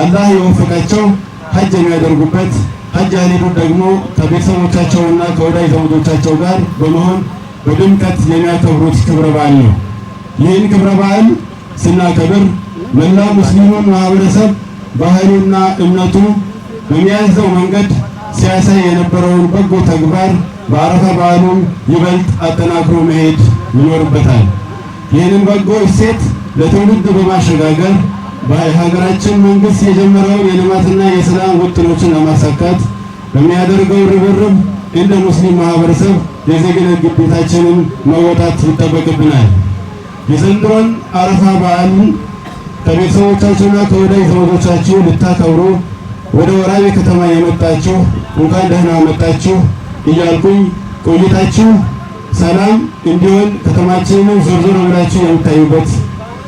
አላህ የወፈቃቸው ሀጅ የሚያደርጉበት ሀጅ ያልሄዱት ደግሞ ከቤተሰቦቻቸውና ከወዳጅ ዘመዶቻቸው ጋር በመሆን በድምቀት የሚያከብሩት ክብረ በዓል ነው። ይህን ክብረ በዓል ስናከብር መላ ሙስሊሙን ማህበረሰብ ባህሉና እምነቱ በሚያዘው መንገድ ሲያሳይ የነበረውን በጎ ተግባር በአረፋ በዓሉ ይበልጥ አጠናክሮ መሄድ ይኖርበታል። ይህንን በጎ እሴት ለትውልድ በማሸጋገር በሀገራችን መንግስት የጀመረውን የልማትና የሰላም ውጥኖችን ለማሳካት በሚያደርገው ርብርብ እንደ ሙስሊም ማህበረሰብ የዜግነት ግዴታችንን መወጣት ይጠበቅብናል። የዘንድሮን አረፋ በዓል ከቤተሰቦቻችሁና ከወዳጅ ዘመዶቻችሁ ልታከብሩ ወደ ወራቤ ከተማ የመጣችሁ እንኳን ደህና መጣችሁ እያልኩኝ ቆይታችሁ ሰላም እንዲሆን ከተማችንን ዞር ዞር ብላችሁ የምታዩበት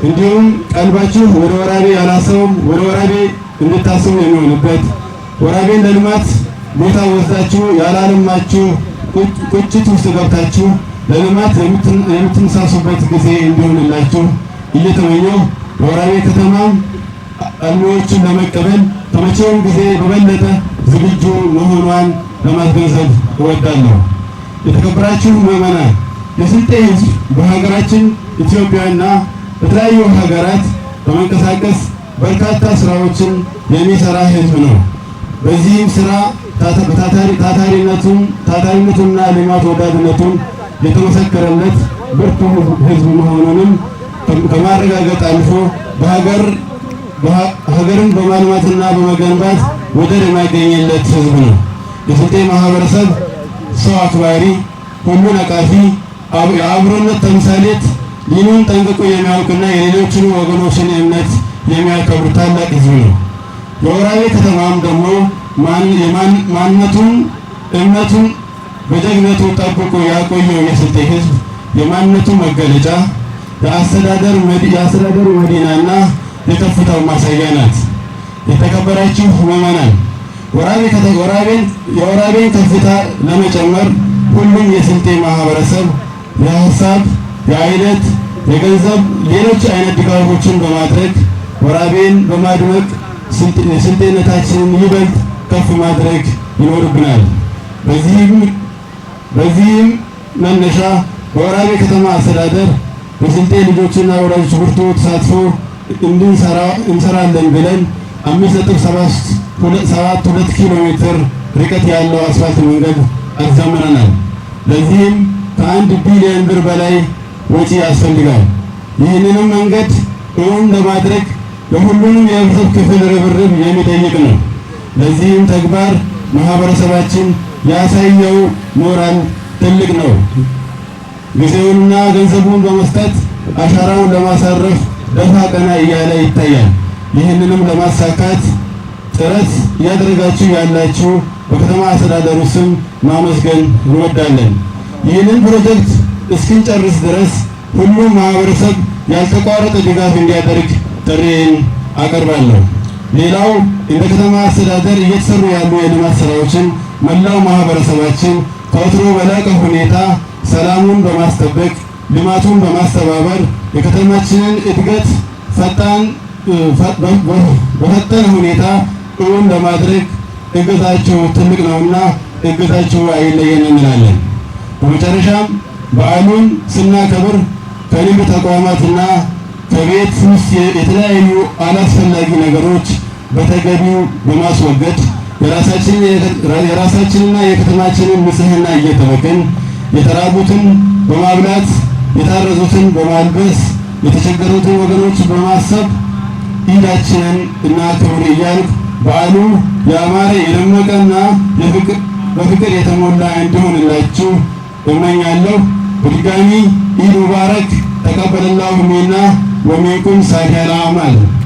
እንዲሁም ቀልባችሁ ወደ ወራቤ ያላሰውም ወደ ወራቤ እንድታስቡ የሚሆንበት ወራቤን ለልማት ቦታ ወስዳችሁ ያላለማችሁ ቁጭት ውስጥ ገብታችሁ ለልማት የምትንሳሱበት ጊዜ እንዲሆንላችሁ እየተመኘሁ በወራቤ ከተማ አልሚዎችን ለመቀበል ከመቼውም ጊዜ በበለጠ ዝግጁ መሆኗን ለማስገንዘብ እወዳለሁ። የተከበራችሁ ምዕመናን፣ የስልጤ ሕዝብ በሀገራችን ኢትዮጵያና በተለያዩ ሀገራት በመንቀሳቀስ በርካታ ስራዎችን የሚሰራ ህዝብ ነው። በዚህም ስራ ታታሪነቱና ልማት ወዳድነቱን የተመሰከረለት ብርቱ ህዝብ መሆኑንም ከማረጋገጥ አልፎ ሀገርን በማልማትና በመገንባት ወደር የማይገኝለት ህዝብ ነው። የስልጤ ማህበረሰብ ሰው አክባሪ፣ ሁሉን አቃፊ፣ የአብሮነት ተምሳሌት ይህንን ጠንቅቆ የሚያውቅና የሌሎችን ወገኖችን እምነት የሚያከብር ታላቅ ህዝብ ነው። የወራቤ ከተማም ደግሞ ማንነቱን እምነቱን በጀግነቱ ጠብቆ ያቆየው የስልጤ ህዝብ የማንነቱ መገለጫ የአስተዳደር መዲናና የከፍታው ማሳያ ናት። የተከበራችሁ ምዕመናን የወራቤን ከፍታ ለመጨመር ሁሉም የስልጤ ማህበረሰብ የሀሳብ የአይነት የገንዘብ ሌሎች አይነት ድጋፎችን በማድረግ ወራቤን በማድመቅ ስልጤነታችንን ይበልጥ ከፍ ማድረግ ይኖርብናል። በዚህም መነሻ በወራቤ ከተማ አስተዳደር የስልጤ ልጆችና ወላጆች ብርቱ ተሳትፎ እንሰራለን ብለን ሁለት ኪሎ ሜትር ርቀት ያለው አስፋልት መንገድ አዘምረናል። ለዚህም ከአንድ ቢሊዮን ብር በላይ ወጪ ያስፈልጋል። ይህንንም መንገድ እውን ለማድረግ ለሁሉንም የህብረተሰብ ክፍል ርብርብ የሚጠይቅ ነው። ለዚህም ተግባር ማህበረሰባችን ያሳየው ሞራል ትልቅ ነው። ጊዜውንና ገንዘቡን በመስጠት አሻራውን ለማሳረፍ ደፋ ቀና እያለ ይታያል። ይህንንም ለማሳካት ጥረት እያደረጋችሁ ያላችሁ በከተማ አስተዳደሩ ስም ማመስገን እንወዳለን። ይህንን ፕሮጀክት እስክንጨርስ ድረስ ሁሉም ማህበረሰብ ያልተቋረጠ ድጋፍ እንዲያደርግ ጥሪን አቀርባለሁ። ሌላው እንደ ከተማ አስተዳደር እየተሰሩ ያሉ የልማት ስራዎችን መላው ማህበረሰባችን ከወትሮ በላቀ ሁኔታ ሰላሙን በማስጠበቅ ልማቱን በማስተባበር የከተማችንን እድገት ፈጣን በፈጠነ ሁኔታ እውን ለማድረግ እገዛችሁ ትልቅ ነውና እገዛችሁ አይለየን እንላለን። በመጨረሻም በዓሉን ስናከብር ከንግድ ተቋማትና ከቤት ውስጥ የተለያዩ አላስፈላጊ ነገሮች በተገቢው በማስወገድ የራሳችንና የከተማችንን ንጽሕና እየጠበቅን የተራቡትን በማብላት የታረዙትን በማልበስ የተቸገሩትን ወገኖች በማሰብ ኢዳችንን እናክብር እያልኩ በዓሉ የአማረ የደመቀና በፍቅር የተሞላ እንዲሆንላችሁ እመኛለሁ። bergani ilu barak takabbalallahu minna wa minkum sahihal amal